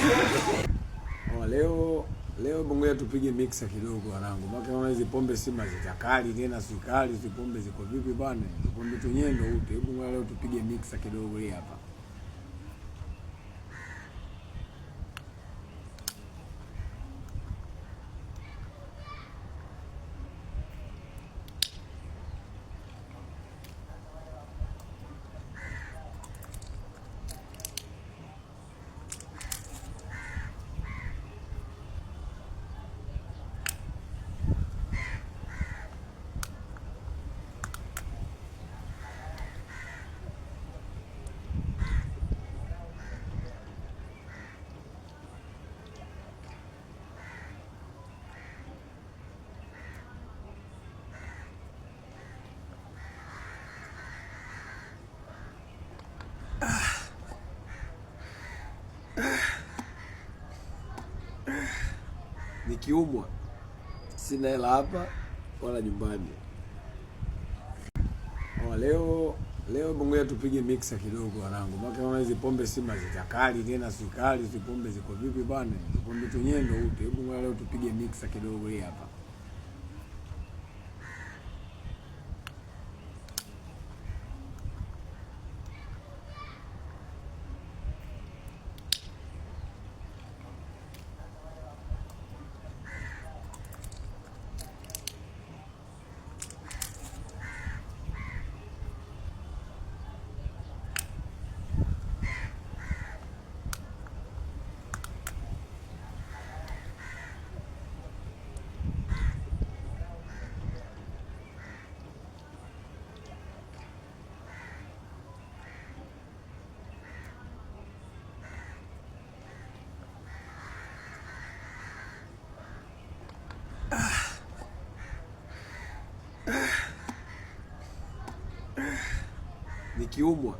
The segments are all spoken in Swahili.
Oh, leo leo bongoja tupige mixer kidogo wanangu, maana naona hizi pombe sima zitakali tena sikali, hizi pombe ziko vipi bwana? Pombe tunyendo ndio Hebu leo tupige mixer kidogo hii hapa. nikiumwa sina hela hapa wala nyumbani. Oh, leo leo bongoja tupige mixa kidogo wanangu, maana kama hizi pombe sima zitakali tena sikali, zipombe ziko vipi bwana? Pombe tu ute. Hebu leo tupige mixa kidogo hii hapa. nikiumwa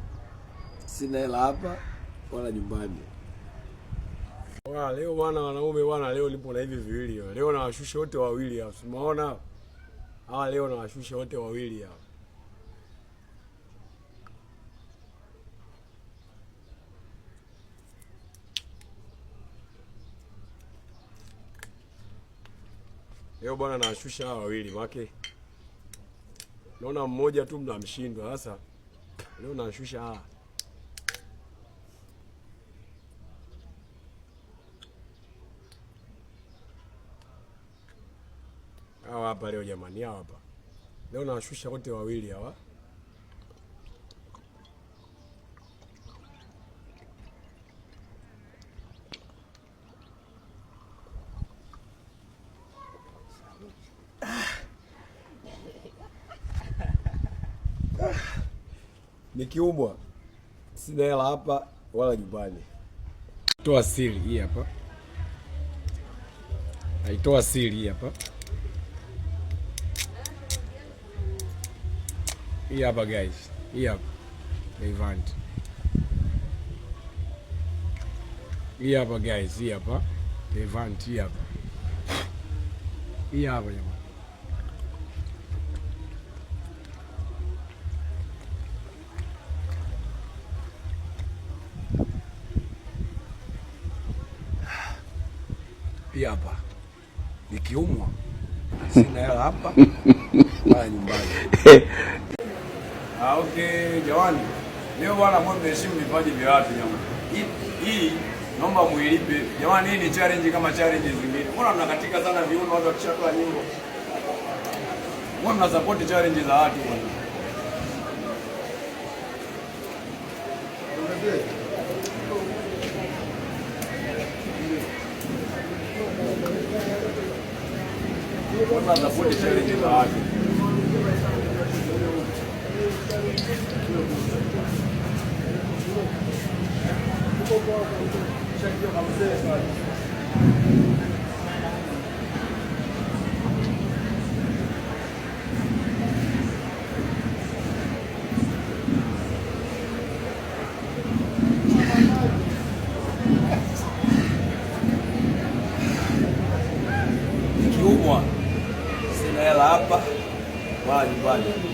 sina hela hapa wala nyumbani. Wala leo bwana, wanaume bwana, leo nipo na hivi viwili. Leo nawashusha wote wawili hapa, umeona hawa, leo nawashusha wote wawili hapa. Leo bwana, nawashusha hawa wawili wake, naona mmoja tu mnamshindwa sasa leo nashusha ah. hawa hapa leo jamani, hawa hapa leo nashusha wote wawili hawa. Nikiumwa sina hela hapa wala nyumbani. Toa siri hii hapa, aitoa siri hii hapa, hii hapa guys, hii hapa event, hii hapa guys, hii hapa event, hii hapa, hii hapa jamani. wapi hapa? Nikiumwa sina hela hapa wala nyumbani. Ah, okay jamani, leo bwana, mwe mheshimu vipaji vya watu jamani. Hii naomba muilipe jamani, hii ni challenge kama challenge zingine. Mbona mnakatika sana viuno watu wakishatoa nyimbo? Mbona mna support challenge za watu bwana? Можно на поле чередить. Check your house. trabalho.